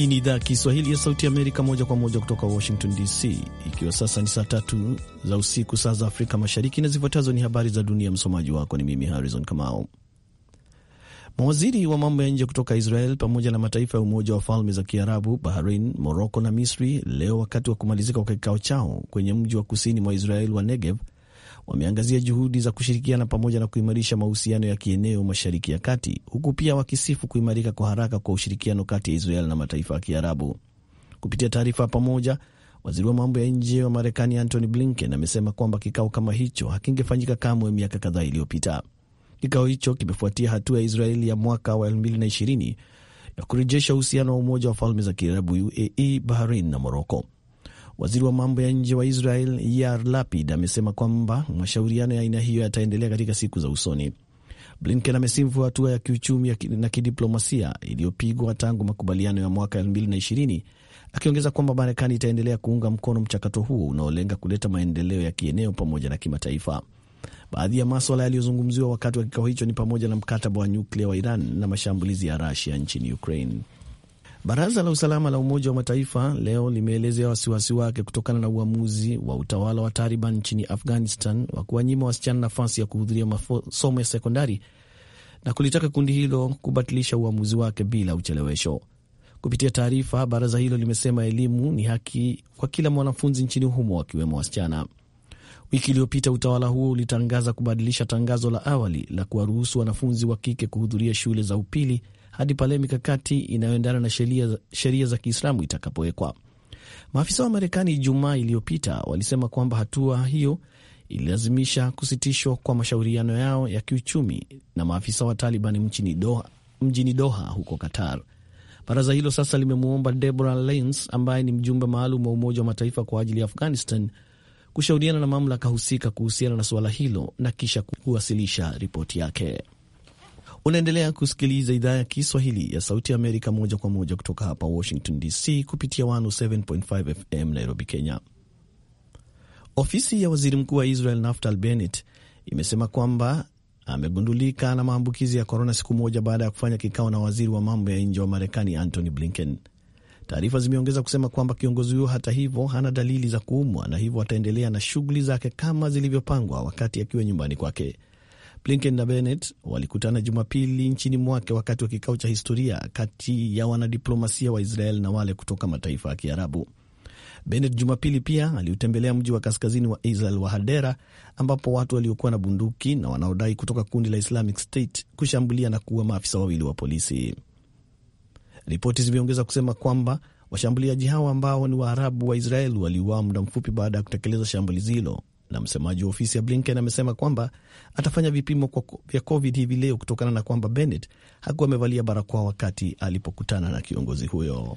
Hii ni idhaa ya Kiswahili ya Sauti Amerika, moja kwa moja kutoka Washington DC, ikiwa sasa ni saa tatu za usiku, saa za Afrika Mashariki, na zifuatazo ni habari za dunia. Msomaji wako ni mimi Harrison kama Mawaziri wa mambo ya nje kutoka Israel pamoja na mataifa ya Umoja wa Falme za Kiarabu, Bahrain, Moroko na Misri leo wakati wa kumalizika kwa kikao chao kwenye mji wa kusini mwa Israel wa Negev wameangazia juhudi za kushirikiana pamoja na kuimarisha mahusiano ya kieneo Mashariki ya Kati, huku pia wakisifu kuimarika kwa haraka kwa ushirikiano kati ya Israel na mataifa ya Kiarabu. Kupitia taarifa ya pamoja, waziri wa mambo ya nje wa Marekani Antony Blinken amesema kwamba kikao kama hicho hakingefanyika kamwe miaka kadhaa iliyopita. Kikao hicho kimefuatia hatua ya Israeli ya mwaka wa 2020 ya kurejesha uhusiano wa Umoja wa Falme za Kiarabu, UAE, Bahrain na Moroko. Waziri wa mambo ya nje wa Israel Yair Lapid amesema kwamba mashauriano ya aina hiyo yataendelea katika siku za usoni. Blinken amesifu hatua ya kiuchumi na kidiplomasia iliyopigwa tangu makubaliano ya mwaka 2020 akiongeza kwamba Marekani itaendelea kuunga mkono mchakato huo unaolenga kuleta maendeleo ya kieneo pamoja na kimataifa. Baadhi ya maswala yaliyozungumziwa wakati wa kikao hicho ni pamoja na mkataba wa nyuklia wa Iran na mashambulizi ya Rusia nchini Ukraine. Baraza la usalama la Umoja wa Mataifa leo limeelezea wasiwasi wake kutokana na uamuzi wa utawala wa Taliban nchini Afghanistan wa kuwanyima wasichana nafasi ya kuhudhuria masomo ya sekondari na kulitaka kundi hilo kubatilisha uamuzi wake bila uchelewesho. Kupitia taarifa, baraza hilo limesema elimu ni haki kwa kila mwanafunzi nchini humo, wakiwemo wasichana. Wiki iliyopita utawala huo ulitangaza kubadilisha tangazo la awali la kuwaruhusu wanafunzi wa kike kuhudhuria shule za upili hadi pale mikakati inayoendana na sheria za Kiislamu itakapowekwa. Maafisa wa Marekani Ijumaa iliyopita walisema kwamba hatua hiyo ililazimisha kusitishwa kwa mashauriano yao ya kiuchumi na maafisa wa Taliban mjini Doha, mjini Doha huko Qatar. Baraza hilo sasa limemwomba Deborah Lyons ambaye ni mjumbe maalum wa Umoja wa Mataifa kwa ajili ya Afghanistan kushauriana na mamlaka husika kuhusiana na suala hilo na kisha kuwasilisha ripoti yake. Unaendelea kusikiliza idhaa ya Kiswahili ya Sauti ya Amerika moja kwa moja kutoka hapa Washington DC kupitia 107.5 FM Nairobi, Kenya. Ofisi ya waziri mkuu wa Israel Naftali Bennett imesema kwamba amegundulika na maambukizi ya korona siku moja baada ya kufanya kikao na waziri wa mambo ya nje wa Marekani Antony Blinken. Taarifa zimeongeza kusema kwamba kiongozi huyo hata hivyo hana dalili za kuumwa na hivyo ataendelea na shughuli zake kama zilivyopangwa wakati akiwa nyumbani kwake. Blinken na Bennett walikutana Jumapili nchini mwake wakati wa kikao cha historia kati ya wanadiplomasia wa Israel na wale kutoka mataifa ya Kiarabu. Bennett Jumapili pia aliutembelea mji wa kaskazini wa Israel wa Hadera, ambapo watu waliokuwa na bunduki na wanaodai kutoka kundi la Islamic State kushambulia na kuua maafisa wawili wa polisi. Ripoti zimeongeza kusema kwamba washambuliaji hao ambao ni Waarabu wa israel waliuawa muda mfupi baada ya kutekeleza shambulizi hilo, na msemaji wa ofisi ya Blinken amesema kwamba atafanya vipimo vya COVID hivi leo kutokana na kwamba Bennett hakuwa amevalia barakoa wakati alipokutana na kiongozi huyo.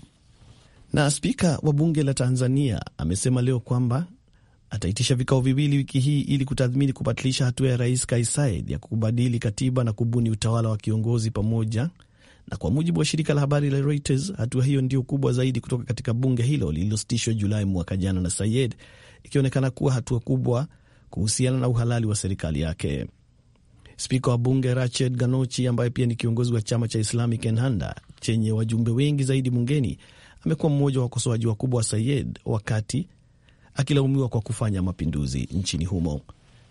Na spika wa bunge la Tanzania amesema leo kwamba ataitisha vikao viwili wiki hii ili kutathmini kubatilisha hatua ya Rais Kais Saied ya kubadili katiba na kubuni utawala wa kiongozi pamoja na kwa mujibu wa shirika la habari la Reuters, hatua hiyo ndio kubwa zaidi kutoka katika bunge hilo lililositishwa Julai mwaka jana na Sayed, ikionekana kuwa hatua kubwa kuhusiana na uhalali wa serikali yake. Spika wa bunge Rached Ganochi, ambaye pia ni kiongozi wa chama cha Islamic Enhanda chenye wajumbe wengi zaidi bungeni, amekuwa mmoja wa wakosoaji wakubwa wa Sayed wakati akilaumiwa kwa kufanya mapinduzi nchini humo.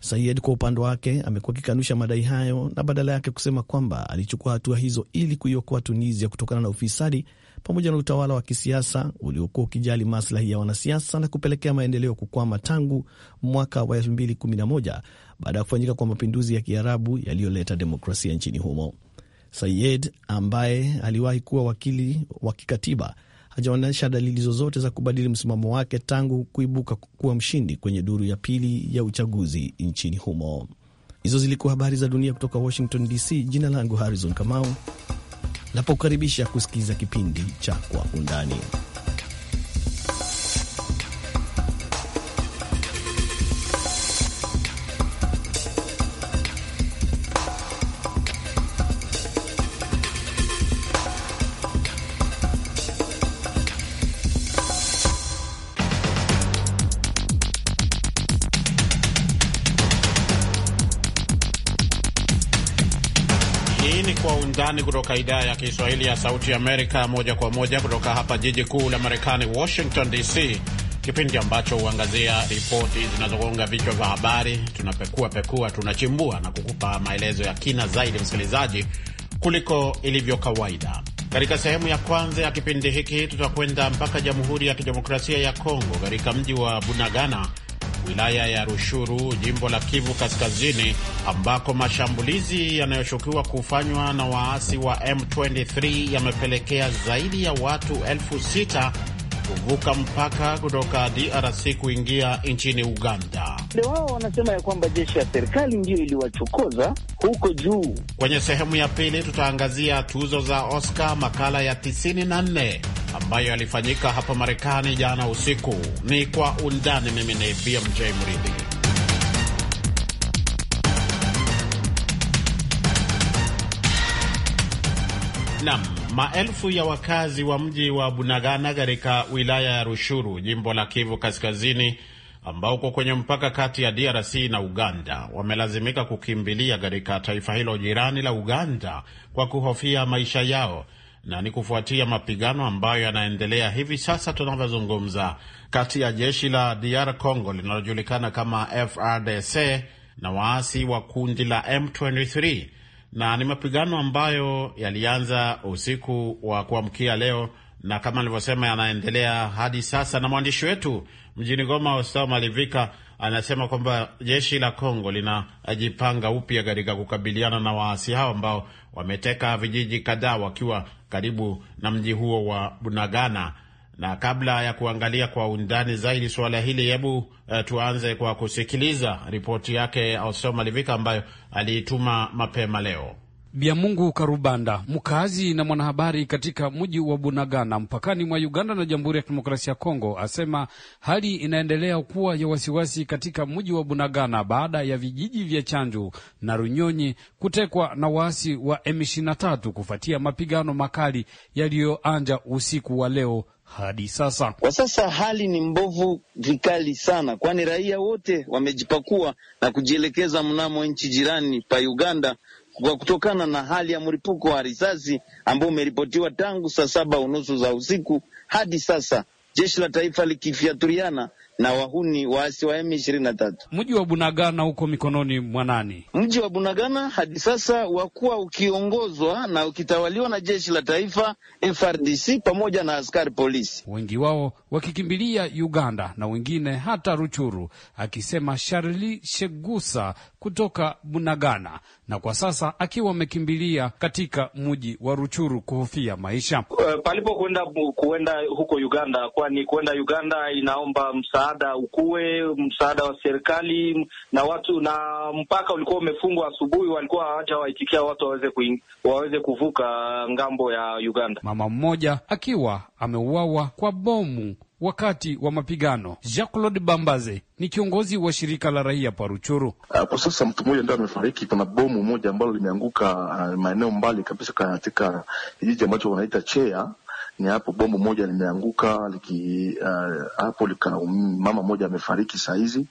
Sayed kwa upande wake amekuwa akikanusha madai hayo na badala yake kusema kwamba alichukua hatua hizo ili kuiokoa Tunisia kutokana na ufisadi pamoja na utawala wa kisiasa uliokuwa ukijali maslahi ya wanasiasa na kupelekea maendeleo kukwama tangu mwaka wa 2011 baada ya kufanyika kwa mapinduzi ya Kiarabu yaliyoleta demokrasia nchini humo. Sayed ambaye aliwahi kuwa wakili wa kikatiba hajaonyesha dalili zozote za kubadili msimamo wake tangu kuibuka kuwa mshindi kwenye duru ya pili ya uchaguzi nchini humo. Hizo zilikuwa habari za dunia kutoka Washington DC. Jina langu Harrison Kamau, napokaribisha kusikiliza kipindi cha Kwa Undani. kutoka idhaa ya Kiswahili ya Sauti Amerika, moja kwa moja kutoka hapa jiji kuu la Marekani, Washington DC, kipindi ambacho huangazia ripoti zinazogonga vichwa vya habari. Tunapekua pekua, tunachimbua na kukupa maelezo ya kina zaidi, msikilizaji, kuliko ilivyo kawaida. Katika sehemu ya kwanza ya kipindi hiki tutakwenda mpaka Jamhuri ya Kidemokrasia ya Kongo, katika mji wa Bunagana wilaya ya Rushuru, jimbo la Kivu Kaskazini, ambako mashambulizi yanayoshukiwa kufanywa na waasi wa M23 yamepelekea zaidi ya watu elfu sita kuvuka mpaka kutoka DRC kuingia nchini Uganda. Wao wanasema ya kwamba jeshi ya serikali ndiyo iliwachokoza huko juu. Kwenye sehemu ya pili tutaangazia tuzo za Oscar makala ya 94 ambayo yalifanyika hapa Marekani jana usiku. Ni kwa undani. Mimi ni BMJ Mridhi. Nam, Maelfu ya wakazi wa mji wa Bunagana katika wilaya ya Rushuru, jimbo la Kivu Kaskazini, ambao uko kwenye mpaka kati ya DRC na Uganda, wamelazimika kukimbilia katika taifa hilo jirani la Uganda kwa kuhofia maisha yao, na ni kufuatia mapigano ambayo yanaendelea hivi sasa tunavyozungumza, kati ya jeshi la DR Congo linalojulikana kama FRDC na waasi wa kundi la M23 na ni mapigano ambayo yalianza usiku wa kuamkia leo na kama nilivyosema, yanaendelea hadi sasa. Na mwandishi wetu mjini Goma, ostao Malivika, anasema kwamba jeshi la Kongo linajipanga upya katika kukabiliana na waasi hao ambao wameteka vijiji kadhaa wakiwa karibu na mji huo wa Bunagana na kabla ya kuangalia kwa undani zaidi suala hili, hebu uh, tuanze kwa kusikiliza ripoti yake Osomalivika ambayo aliituma mapema leo. Mungu Karubanda, mkazi na mwanahabari katika mji wa Bunagana mpakani mwa Uganda na Jamhuri ya Kidemokrasia ya Kongo, asema hali inaendelea kuwa ya wasiwasi katika mji wa Bunagana baada ya vijiji vya Chanju na Runyonyi kutekwa na waasi wa M23 kufuatia mapigano makali yaliyoanja usiku wa leo hadi sasa. Kwa sasa hali ni mbovu vikali sana, kwani raia wote wamejipakua na kujielekeza mnamo nchi jirani pa Uganda kwa kutokana na hali ya mlipuko wa risasi ambao umeripotiwa tangu saa saba unusu za usiku hadi sasa, jeshi la taifa likifyaturiana na wahuni waasi wa M23. Mji wa Bunagana huko mikononi mwa nani? Mji wa Bunagana hadi sasa wakuwa ukiongozwa na ukitawaliwa na jeshi la taifa FRDC pamoja na askari polisi, wengi wao wakikimbilia Uganda na wengine hata Ruchuru, akisema Sharli Shegusa kutoka Bunagana na kwa sasa akiwa amekimbilia katika mji wa Ruchuru kuhofia maisha eh, palipo kuenda kuenda huko Uganda, kwani kuenda Uganda inaomba msaada ukue, msaada wa serikali na watu, na mpaka ulikuwa umefungwa asubuhi, walikuwa hawajawaitikia watu waweze kuing, waweze kuvuka ngambo ya Uganda. Mama mmoja akiwa ameuawa kwa bomu wakati wa mapigano. Jean Claude Bambaze ni kiongozi wa shirika la raia Paruchuru. Uh, kwa sasa mtu mmoja ndio amefariki. Kuna bomu moja ambalo limeanguka uh, maeneo mbali kabisa katika kijiji ambacho wanaita Chea ni hapo bomu moja limeanguka liki, uh, hapo lika, um, mama amefariki saa hizi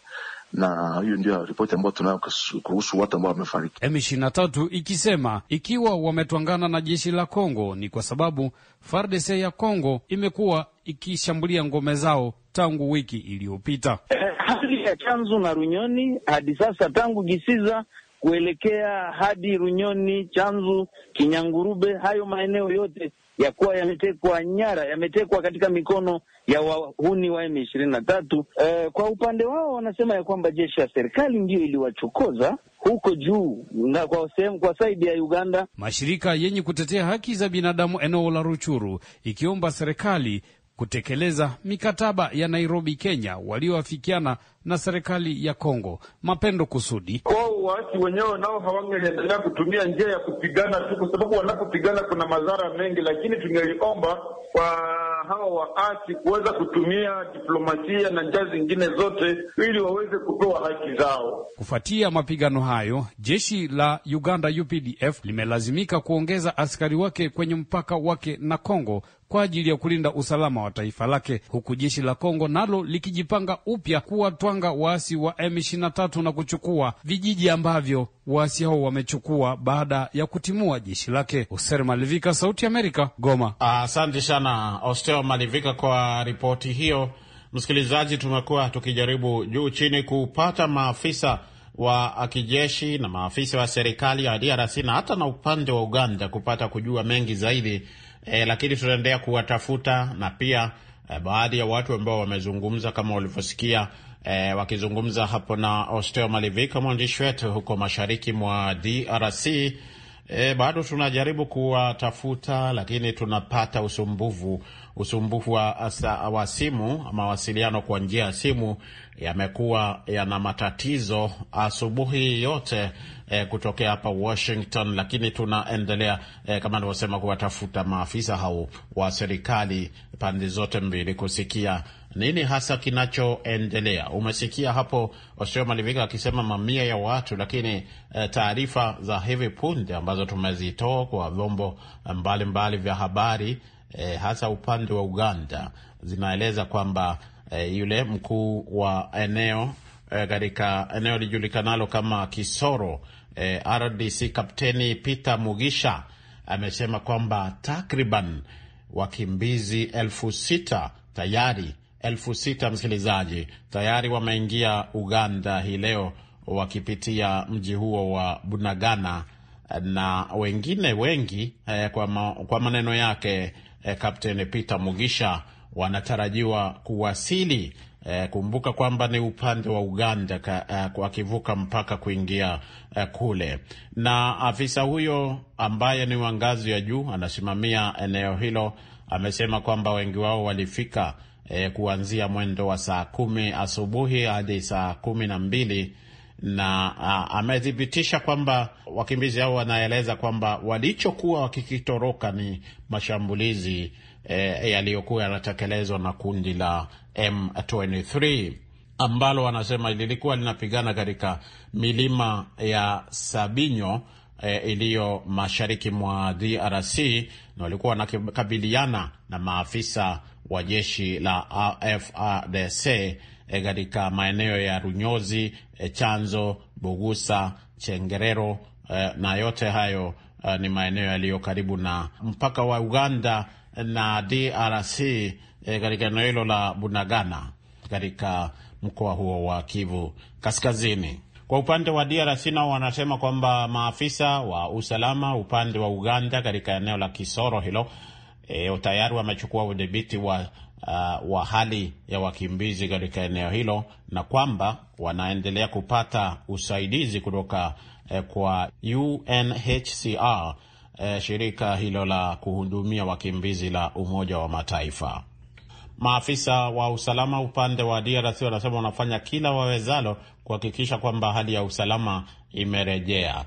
na hiyo ndio ripoti ambayo tunayo kuhusu watu ambao wamefariki. M ishirini na tatu ikisema ikiwa wametwangana na jeshi la Kongo ni kwa sababu FARDC ya Kongo imekuwa ikishambulia ngome zao tangu wiki iliyopita. Eh, hali ya Chanzu na Runyoni hadi sasa tangu Gisiza kuelekea hadi Runyoni, Chanzu, Kinyangurube, hayo maeneo yote ya kuwa yametekwa nyara, yametekwa katika mikono ya wahuni wa M ishirini na tatu. Eh, kwa upande wao wanasema ya kwamba jeshi ya serikali ndiyo iliwachokoza huko juu na kwa sehemu kwa saidi ya Uganda. Mashirika yenye kutetea haki za binadamu eneo la Ruchuru ikiomba serikali kutekeleza mikataba ya Nairobi, Kenya walioafikiana na serikali ya Kongo. Mapendo Kusudi: wao waasi wenyewe nao hawangeliendelea kutumia njia ya kupigana tu, kwa sababu wanapopigana kuna madhara mengi, lakini tungeliomba kwa hao waasi kuweza kutumia diplomasia na njia zingine zote ili waweze kutoa haki zao. Kufuatia mapigano hayo, jeshi la Uganda UPDF limelazimika kuongeza askari wake kwenye mpaka wake na Kongo kwa ajili ya kulinda usalama wa taifa lake, huku jeshi la Kongo nalo likijipanga upya kuwatwanga waasi wa M23 na kuchukua vijiji ambavyo waasi hao wamechukua baada ya kutimua jeshi lake. Oster Malivika, Sauti Amerika, Goma. Asante sana Oster Malivika kwa ripoti hiyo. Msikilizaji, tumekuwa tukijaribu juu chini kupata maafisa wa kijeshi na maafisa wa serikali ya DRC na hata na upande wa Uganda kupata kujua mengi zaidi e, lakini tunaendelea kuwatafuta na pia e, baadhi ya watu ambao wamezungumza kama walivyosikia E, wakizungumza hapo na Osteo Malivika, mwandishi wetu huko mashariki mwa DRC. E, eh, bado tunajaribu kuwatafuta lakini tunapata usumbufu usumbufu wa, wa simu. Mawasiliano kwa njia ya simu yamekuwa yana matatizo asubuhi yote e, kutokea hapa Washington, lakini tunaendelea e, kama nilivyosema kuwatafuta maafisa hao wa serikali pande zote mbili kusikia nini hasa kinachoendelea? Umesikia hapo Osio Malivika akisema mamia ya watu, lakini e, taarifa za hivi punde ambazo tumezitoa kwa vyombo eh, mbalimbali vya habari e, hasa upande wa Uganda zinaeleza kwamba e, yule mkuu wa eneo katika e, eneo lijulikanalo kama Kisoro e, RDC Kapteni Peter Mugisha amesema kwamba takriban wakimbizi elfu sita tayari elfu sita msikilizaji, tayari wameingia Uganda hii leo wakipitia mji huo wa Bunagana na wengine wengi eh, kwa, ma, kwa maneno yake eh, Captain Peter Mugisha wanatarajiwa kuwasili eh, kumbuka kwamba ni upande wa Uganda wakivuka eh, mpaka kuingia eh, kule. Na afisa huyo ambaye ni wa ngazi ya juu anasimamia eneo hilo amesema kwamba wengi wao walifika e, kuanzia mwendo wa saa kumi asubuhi hadi saa kumi na mbili na amethibitisha kwamba wakimbizi hao wanaeleza kwamba walichokuwa wakikitoroka ni mashambulizi e, yaliyokuwa yanatekelezwa na kundi la M23 ambalo wanasema lilikuwa linapigana katika milima ya Sabinyo e, iliyo mashariki mwa DRC na walikuwa wanakabiliana na maafisa wa jeshi la FARDC eh, katika maeneo ya Runyozi, eh, Chanzo, Bugusa, Chengerero eh, na yote hayo ni maeneo yaliyo karibu na mpaka wa Uganda na DRC katika eneo hilo la Bunagana katika mkoa huo wa Kivu Kaskazini. Kwa upande wa DRC nao wanasema kwamba maafisa wa usalama upande wa Uganda katika eneo la Kisoro hilo e, tayari wamechukua udhibiti wa, uh, wa hali ya wakimbizi katika eneo hilo na kwamba wanaendelea kupata usaidizi kutoka eh, kwa UNHCR eh, shirika hilo la kuhudumia wakimbizi la Umoja wa Mataifa. Maafisa wa usalama upande wa DRC wanasema wanafanya kila wawezalo kuhakikisha kwamba hali ya usalama imerejea.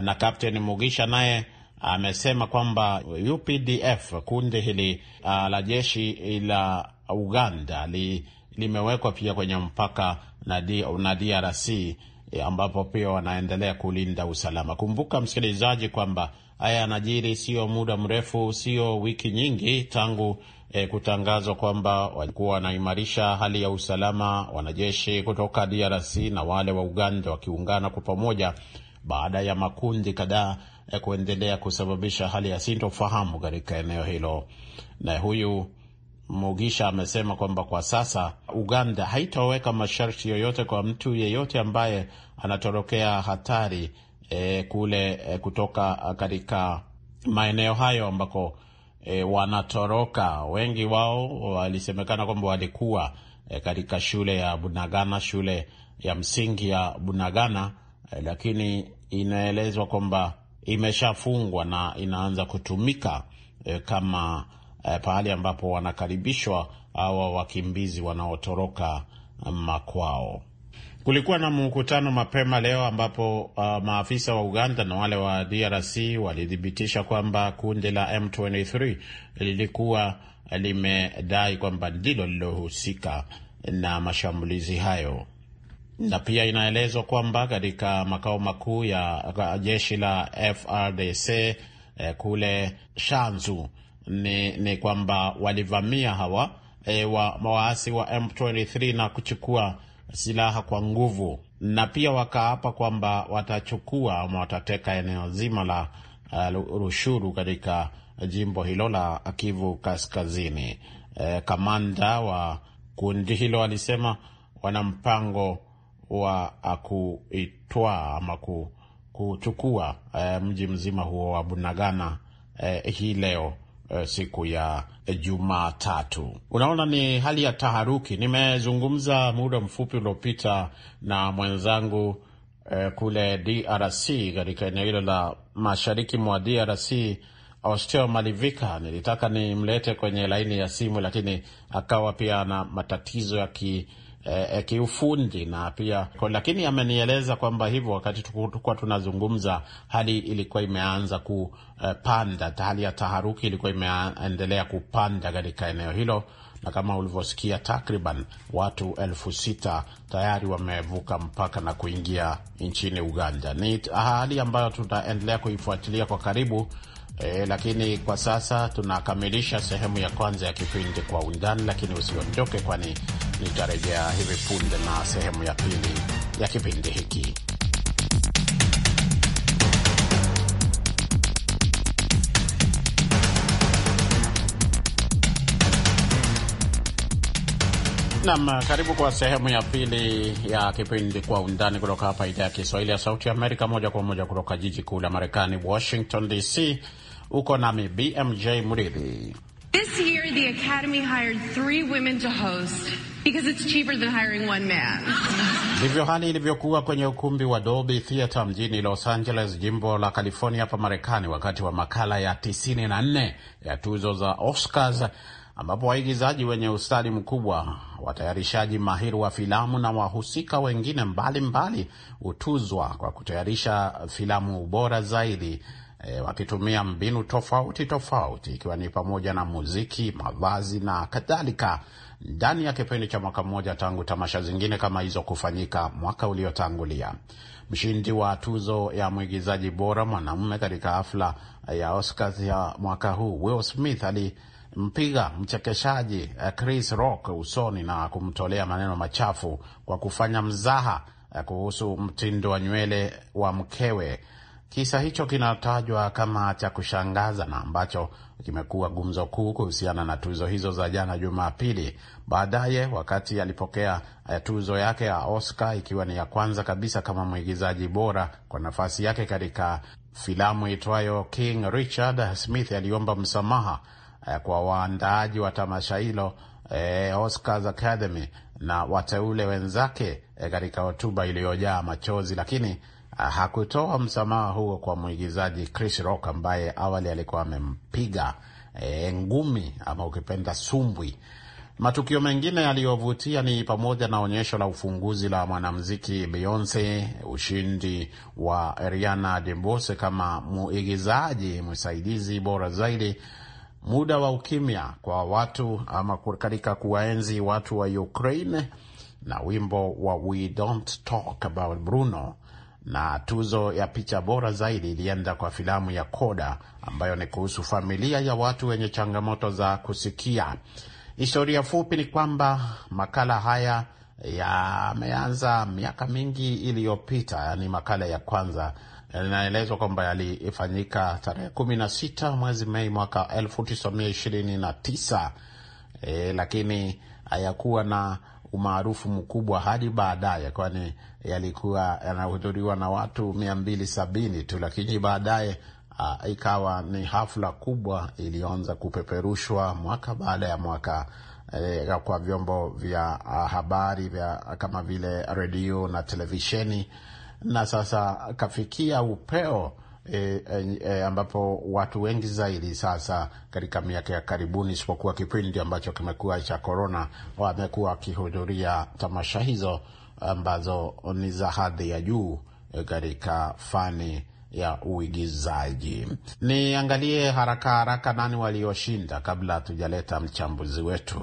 Na Kapteni Mugisha naye amesema kwamba UPDF, kundi hili uh, la jeshi la Uganda li, limewekwa pia kwenye mpaka na, D, na DRC eh, ambapo pia wanaendelea kulinda usalama. Kumbuka msikilizaji, kwamba haya yanajiri sio muda mrefu, sio wiki nyingi tangu eh, kutangazwa kwamba walikuwa wanaimarisha hali ya usalama, wanajeshi kutoka DRC na wale wa Uganda wakiungana kwa pamoja baada ya makundi kadhaa kuendelea kusababisha hali ya sintofahamu katika eneo hilo. Na huyu Mugisha amesema kwamba kwa sasa Uganda haitaweka masharti yoyote kwa mtu yeyote ambaye anatorokea hatari e, kule e, kutoka katika maeneo hayo ambako e, wanatoroka. Wengi wao walisemekana kwamba walikuwa e, katika shule ya Bunagana, shule ya msingi ya Bunagana e, lakini inaelezwa kwamba imeshafungwa na inaanza kutumika e, kama e, pahali ambapo wanakaribishwa hawa wakimbizi wanaotoroka e, makwao. Kulikuwa na mkutano mapema leo ambapo uh, maafisa wa Uganda na wale wa DRC walithibitisha kwamba kundi la M23 lilikuwa e, limedai kwamba ndilo lilohusika na mashambulizi hayo na pia inaelezwa kwamba katika makao makuu ya jeshi la FRDC eh, kule Shanzu ni, ni kwamba walivamia hawa eh, wa, waasi wa M23 na kuchukua silaha kwa nguvu, na pia wakaapa kwamba watachukua ama watateka eneo zima la uh, Rushuru katika jimbo hilo la Kivu Kaskazini. Eh, kamanda wa kundi hilo alisema wana mpango wa kuitwaa ama kuchukua eh, mji mzima huo wa Bunagana eh, hii leo eh, siku ya Jumatatu. Unaona, ni hali ya taharuki. Nimezungumza muda mfupi uliopita na mwenzangu eh, kule DRC katika eneo hilo la mashariki mwa DRC Osteo Malivika, nilitaka nimlete kwenye laini ya simu, lakini akawa pia na matatizo ya ki eh, eh, kiufundi na pia, kwa, lakini amenieleza kwamba hivyo wakati tulikuwa tunazungumza hali ilikuwa imeanza kupanda, hali ya taharuki ilikuwa imeendelea kupanda katika eneo hilo na kama ulivyosikia takriban watu elfu sita tayari wamevuka mpaka na kuingia nchini Uganda. Ni hali ambayo tutaendelea kuifuatilia kwa karibu e, lakini kwa sasa tunakamilisha sehemu ya kwanza ya kipindi Kwa Undani, lakini usiondoke, kwani Nitarejea hivi punde na sehemu ya pili ya kipindi hiki. Nam, karibu kwa sehemu ya pili ya kipindi Kwa Undani kutoka hapa idhaa ya Kiswahili ya Sauti ya Amerika, moja kwa moja kutoka jiji kuu la Marekani, Washington DC. Uko nami BMJ Mridhi. This year the Academy hired three women to host because it's cheaper than hiring one man. Ndivyo hali ilivyokuwa kwenye ukumbi wa Dolby Theatre mjini Los Angeles, jimbo la California hapa Marekani, wakati wa makala ya 94 ya tuzo za Oscars ambapo waigizaji wenye ustadi mkubwa, watayarishaji mahiri wa filamu na wahusika wengine mbalimbali hutuzwa kwa kutayarisha filamu bora zaidi e, wakitumia mbinu tofauti tofauti, ikiwa ni pamoja na muziki, mavazi na kadhalika ndani ya kipindi cha mwaka mmoja tangu tamasha zingine kama hizo kufanyika mwaka uliotangulia. Mshindi wa tuzo ya mwigizaji bora mwanamume katika hafla ya Oscars ya mwaka huu Will Smith alimpiga mchekeshaji eh, Chris Rock usoni na kumtolea maneno machafu kwa kufanya mzaha eh, kuhusu mtindo wa nywele wa mkewe. Kisa hicho kinatajwa kama cha kushangaza na ambacho kimekuwa gumzo kuu kuhusiana na tuzo hizo za jana Jumapili. Baadaye, wakati alipokea ya eh, tuzo yake ya Oscar, ikiwa ni ya kwanza kabisa kama mwigizaji bora kwa nafasi yake katika filamu itwayo King Richard, Smith aliomba msamaha eh, kwa waandaaji wa tamasha hilo eh, Oscars Academy na wateule wenzake eh, katika eh, hotuba iliyojaa machozi, lakini Ah, hakutoa msamaha huo kwa mwigizaji Chris Rock ambaye awali alikuwa amempiga e, ngumi ama ukipenda sumbwi. Matukio mengine yaliyovutia ni pamoja na onyesho la ufunguzi la mwanamuziki Beyonce, ushindi wa riana DeBose kama muigizaji msaidizi bora zaidi, muda wa ukimya kwa watu ama katika kuwaenzi watu wa Ukraine, na wimbo wa We Don't Talk About Bruno na tuzo ya picha bora zaidi ilienda kwa filamu ya Koda ambayo ni kuhusu familia ya watu wenye changamoto za kusikia. Historia fupi ni kwamba makala haya yameanza miaka mingi iliyopita, yaani makala ya kwanza inaelezwa kwamba yalifanyika tarehe kumi na sita mwezi Mei mwaka elfu tisa mia ishirini na tisa e, lakini hayakuwa na umaarufu mkubwa hadi baadaye, kwani yalikuwa yanahudhuriwa na watu mia mbili sabini tu, lakini baadaye uh, ikawa ni hafla kubwa iliyoanza kupeperushwa mwaka baada ya mwaka eh, kwa vyombo vya uh, habari vya kama vile redio na televisheni, na sasa kafikia upeo e, e, e, ambapo watu wengi zaidi sasa katika miaka ya karibuni, isipokuwa kipindi ambacho kimekuwa cha korona, wamekuwa wakihudhuria tamasha hizo ambazo ni za hadhi ya juu eh, katika fani ya uigizaji. Niangalie haraka haraka nani walioshinda kabla hatujaleta mchambuzi wetu.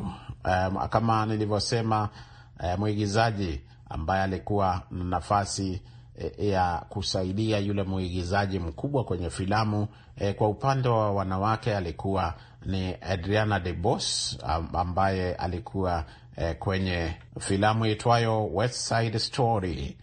Um, kama nilivyosema, um, mwigizaji ambaye alikuwa na nafasi e, ya kusaidia yule mwigizaji mkubwa kwenye filamu e, kwa upande wa wanawake alikuwa ni Adriana De ambaye alikuwa eh, kwenye filamu itwayo West Side Story.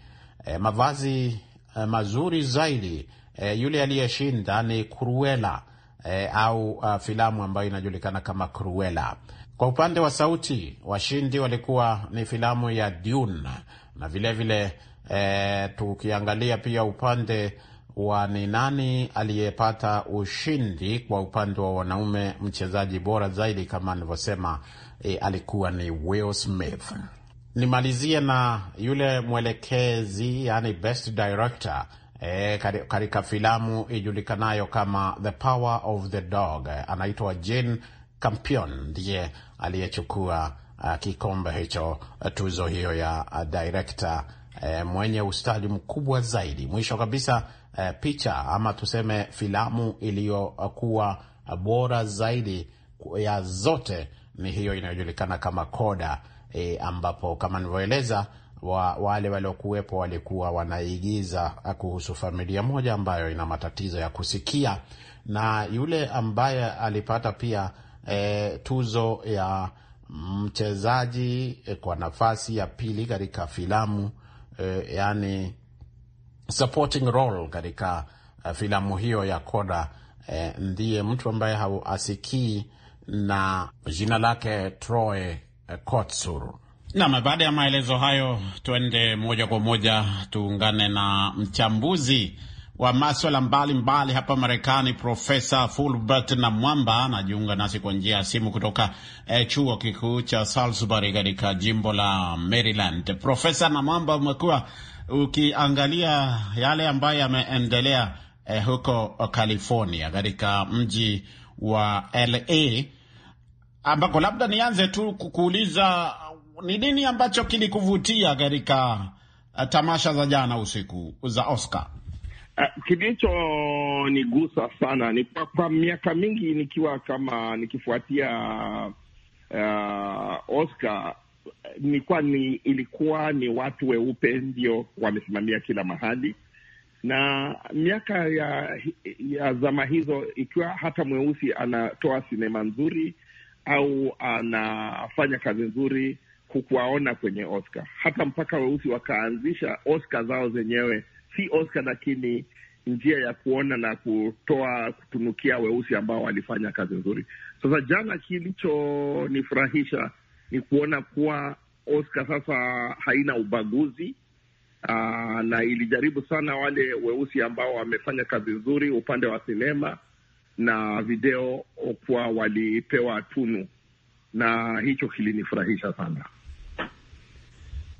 Eh, mavazi eh, mazuri zaidi eh, yule aliyeshinda ni Cruella eh, au uh, filamu ambayo inajulikana kama Cruella. Kwa upande wa sauti, washindi walikuwa ni filamu ya Dune na vilevile vile, eh, tukiangalia pia upande wa ni nani aliyepata ushindi kwa upande wa wanaume, mchezaji bora zaidi kama nilivyosema e, alikuwa ni Will Smith. Nimalizie na yule mwelekezi yani best director E, eh, katika filamu ijulikanayo kama The Power of the Dog, anaitwa Jane Campion ndiye aliyechukua uh, kikombe hicho, uh, tuzo hiyo ya uh, director uh, mwenye ustadi mkubwa zaidi. Mwisho kabisa, uh, picha ama tuseme filamu iliyokuwa bora zaidi ya zote ni hiyo inayojulikana kama koda e, ambapo kama nilivyoeleza wa, wale waliokuwepo walikuwa wanaigiza kuhusu familia moja ambayo ina matatizo ya kusikia na yule ambaye alipata pia e, tuzo ya mchezaji e, kwa nafasi ya pili katika filamu e, yani supporting role katika e, filamu hiyo ya Koda e, ndiye mtu ambaye asikii na jina lake Troy eh, Kotsur. Nam, baada ya maelezo hayo, tuende moja kwa moja tuungane na mchambuzi wa maswala mbalimbali hapa Marekani, Profesa Fulbert na Mwamba anajiunga nasi kwa njia ya simu kutoka eh, chuo kikuu cha Salisbury katika jimbo la Maryland. Profesa na Mwamba, umekuwa ukiangalia yale ambayo yameendelea eh, huko California katika mji wa LA ambako labda nianze tu kukuuliza ni nini ambacho kilikuvutia katika uh, tamasha za jana usiku za Oscar? Uh, kilichonigusa sana ni kwa, kwa miaka mingi nikiwa kama nikifuatia uh, Oscar nikuwa ni ilikuwa ni watu weupe ndio wamesimamia kila mahali, na miaka ya, ya zama hizo, ikiwa hata mweusi anatoa sinema nzuri au anafanya kazi nzuri kukuwaona kwenye Oscar. Hata mpaka weusi wakaanzisha Oscar zao zenyewe, si Oscar lakini njia ya kuona na kutoa kutunukia weusi ambao walifanya kazi nzuri. Sasa jana, kilichonifurahisha ni kuona kuwa Oscar sasa haina ubaguzi aa, na ilijaribu sana wale weusi ambao wamefanya kazi nzuri upande wa sinema na video kuwa walipewa tunu, na hicho kilinifurahisha sana.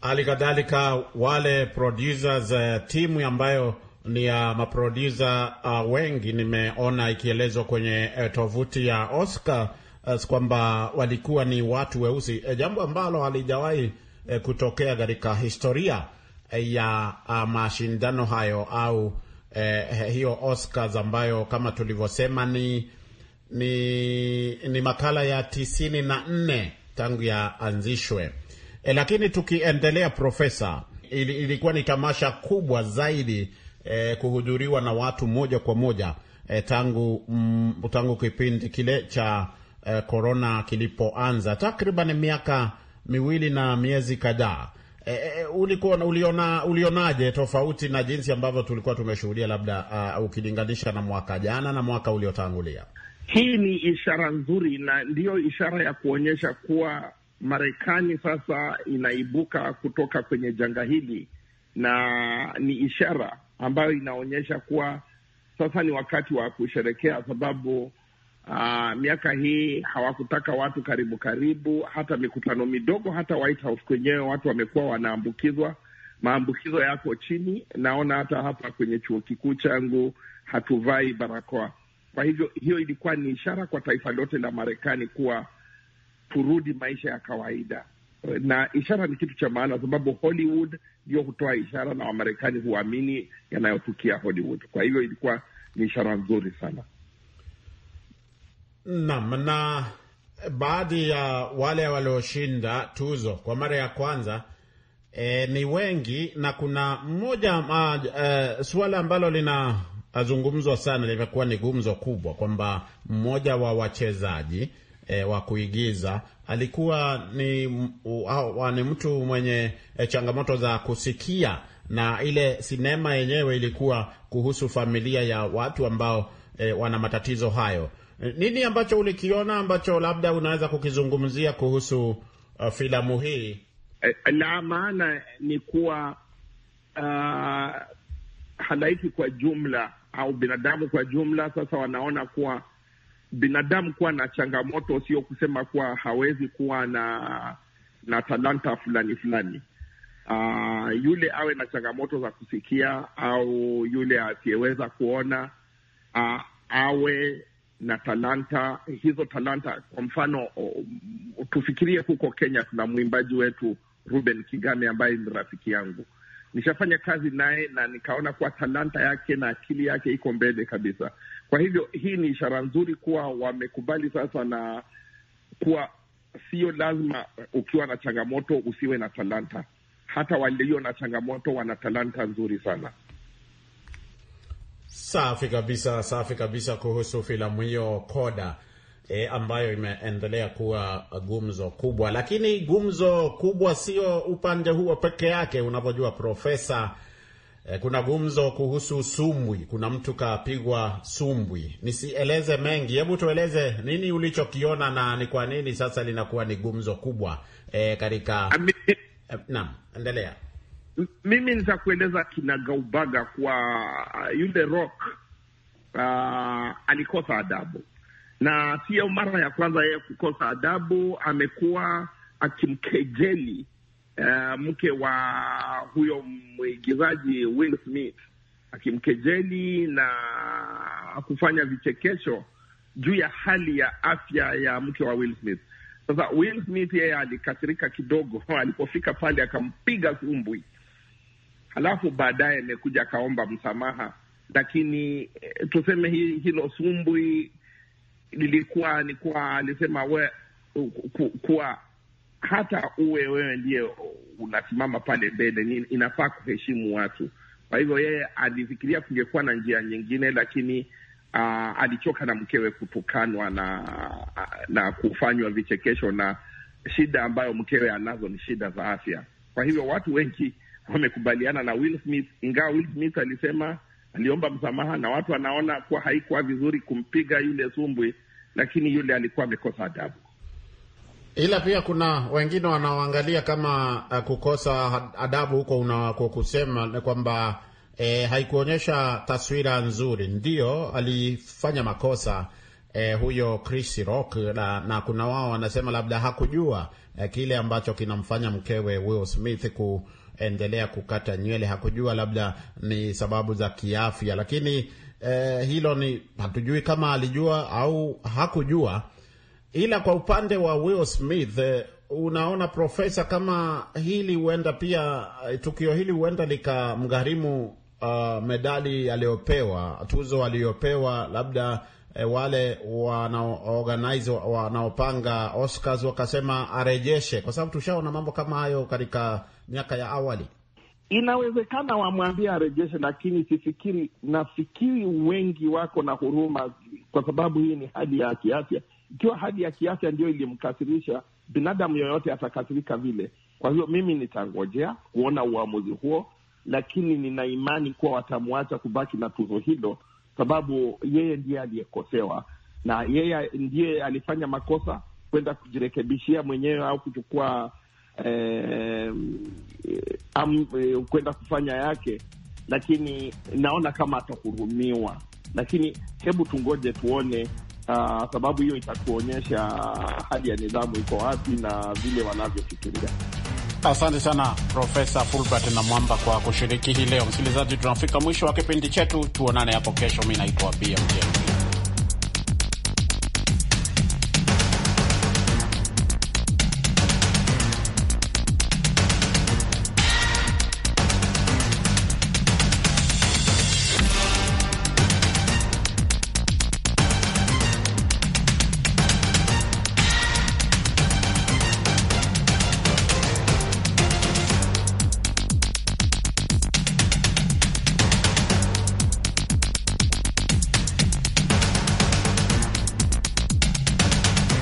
Hali kadhalika wale producers uh, timu ambayo ni ya uh, maprodusa uh, wengi nimeona ikielezwa kwenye uh, tovuti ya Oscar uh, kwamba walikuwa ni watu weusi uh, jambo ambalo halijawahi uh, kutokea katika historia uh, ya uh, mashindano hayo au Eh, eh, hiyo Oscars ambayo kama tulivyosema ni, ni, ni makala ya tisini na nne tangu ya anzishwe eh, lakini tukiendelea profesa, il, ilikuwa ni tamasha kubwa zaidi eh, kuhudhuriwa na watu moja kwa moja eh, tangu, mm, tangu kipindi kile cha korona eh, kilipoanza takriban miaka miwili na miezi kadhaa E, e, ulikuwa uliona ulionaje tofauti na jinsi ambavyo tulikuwa tumeshuhudia labda, uh, ukilinganisha na mwaka jana na mwaka uliotangulia? Hii ni ishara nzuri na ndiyo ishara ya kuonyesha kuwa Marekani sasa inaibuka kutoka kwenye janga hili, na ni ishara ambayo inaonyesha kuwa sasa ni wakati wa kusherekea, sababu Uh, miaka hii hawakutaka watu karibu karibu, hata mikutano midogo, hata White House kwenyewe watu wamekuwa wanaambukizwa, maambukizo yako chini. Naona hata hapa kwenye chuo kikuu changu hatuvai barakoa. Kwa hivyo hiyo ilikuwa ni ishara kwa taifa lote la Marekani kuwa turudi maisha ya kawaida, na ishara ni kitu cha maana, sababu Hollywood ndio hutoa ishara na Wamarekani huamini yanayotukia Hollywood. Kwa hivyo ilikuwa ni ishara nzuri sana. Naam, na baadhi ya wale walioshinda tuzo kwa mara ya kwanza e, ni wengi na kuna mmoja e, suala ambalo lina azungumzwa sana, limekuwa ni gumzo kubwa kwamba mmoja wa wachezaji e, wa kuigiza alikuwa ni, au, ni mtu mwenye e, changamoto za kusikia na ile sinema yenyewe ilikuwa kuhusu familia ya watu ambao e, wana matatizo hayo Eh, nini ambacho ulikiona ambacho labda unaweza kukizungumzia kuhusu uh, filamu hii? Eh, la maana ni kuwa uh, halaiki kwa jumla au binadamu kwa jumla sasa wanaona kuwa binadamu kuwa na changamoto sio kusema kuwa hawezi kuwa na na talanta fulani fulani. Uh, yule awe na changamoto za kusikia au yule asiyeweza kuona uh, awe na talanta hizo. Talanta kwa mfano, tufikirie huko Kenya tuna mwimbaji wetu Ruben Kigame ambaye ni rafiki yangu, nishafanya kazi naye na nikaona kuwa talanta yake na akili yake iko mbele kabisa. Kwa hivyo hii ni ishara nzuri kuwa wamekubali sasa na kuwa sio lazima ukiwa na changamoto usiwe na talanta. Hata walio na changamoto wana talanta nzuri sana. Safi kabisa, safi kabisa kuhusu filamu hiyo Koda e, ambayo imeendelea kuwa gumzo kubwa, lakini gumzo kubwa sio upande huo peke yake. Unavyojua Profesa, e, kuna gumzo kuhusu sumbwi. Kuna mtu kapigwa sumbwi. Nisieleze mengi, hebu tueleze nini ulichokiona na ni kwa nini sasa linakuwa ni gumzo kubwa e, katika naam, endelea mimi nitakueleza kinagaubaga kwa uh, yule Rock. Uh, alikosa adabu na siyo mara ya kwanza yeye kukosa adabu. Amekuwa akimkejeli uh, mke wa huyo mwigizaji Will Smith, akimkejeli na kufanya vichekesho juu ya hali ya afya ya mke wa Will Smith. Sasa Will Smith yeye alikasirika kidogo alipofika pale, akampiga sumbwi halafu baadaye amekuja akaomba msamaha, lakini eh, tuseme hi, hilo sumbwi lilikuwa ni kuwa alisema we, kuwa hata uwe wewe ndiye unasimama pale mbele, inafaa kuheshimu watu. Kwa hivyo yeye alifikiria kungekuwa na njia nyingine, lakini uh, alichoka na mkewe kutukanwa na na kufanywa vichekesho, na shida ambayo mkewe anazo ni shida za afya. Kwa hivyo watu wengi wamekubaliana na Will Smith, ingawa Will Smith alisema aliomba msamaha na watu wanaona kuwa haikuwa vizuri kumpiga yule sumbwi, lakini yule alikuwa amekosa adabu. Ila pia kuna wengine wanaoangalia kama uh, kukosa adabu huko unako kusema kwamba eh, haikuonyesha taswira nzuri. ndio alifanya makosa eh, huyo Chris Rock na, na kuna wao wanasema labda hakujua eh, kile ambacho kinamfanya mkewe Will Smith ku endelea kukata nywele. Hakujua labda ni sababu za kiafya, lakini eh, hilo ni hatujui kama alijua au hakujua. Ila kwa upande wa Will Smith eh, unaona profesa, kama hili huenda pia eh, tukio hili huenda likamgharimu uh, medali aliyopewa, tuzo aliyopewa labda e, wale wanaoorganize wanaopanga Oscars wakasema arejeshe, kwa sababu tushaona mambo kama hayo katika miaka ya awali. Inawezekana wamwambie arejeshe, lakini sifikiri, nafikiri wengi wako na huruma, kwa sababu hii ni hali ya kiafya. Ikiwa hali ya kiafya ndio ilimkasirisha binadamu, yoyote atakasirika vile. Kwa hiyo mimi nitangojea kuona uamuzi huo, lakini nina imani kuwa watamwacha kubaki na tuzo hilo sababu yeye ndiye aliyekosewa na yeye ndiye alifanya makosa kwenda kujirekebishia mwenyewe au kuchukua eh, eh, kwenda kufanya yake, lakini naona kama atahurumiwa, lakini hebu tungoje tuone. Uh, sababu hiyo itakuonyesha hali ya nidhamu iko wapi na vile wanavyofikiria. Asante sana Profesa Fulbert na Mwamba kwa kushiriki hii leo. Msikilizaji, tunafika mwisho wa kipindi chetu, tuonane hapo kesho. Mi naitwa BMJ.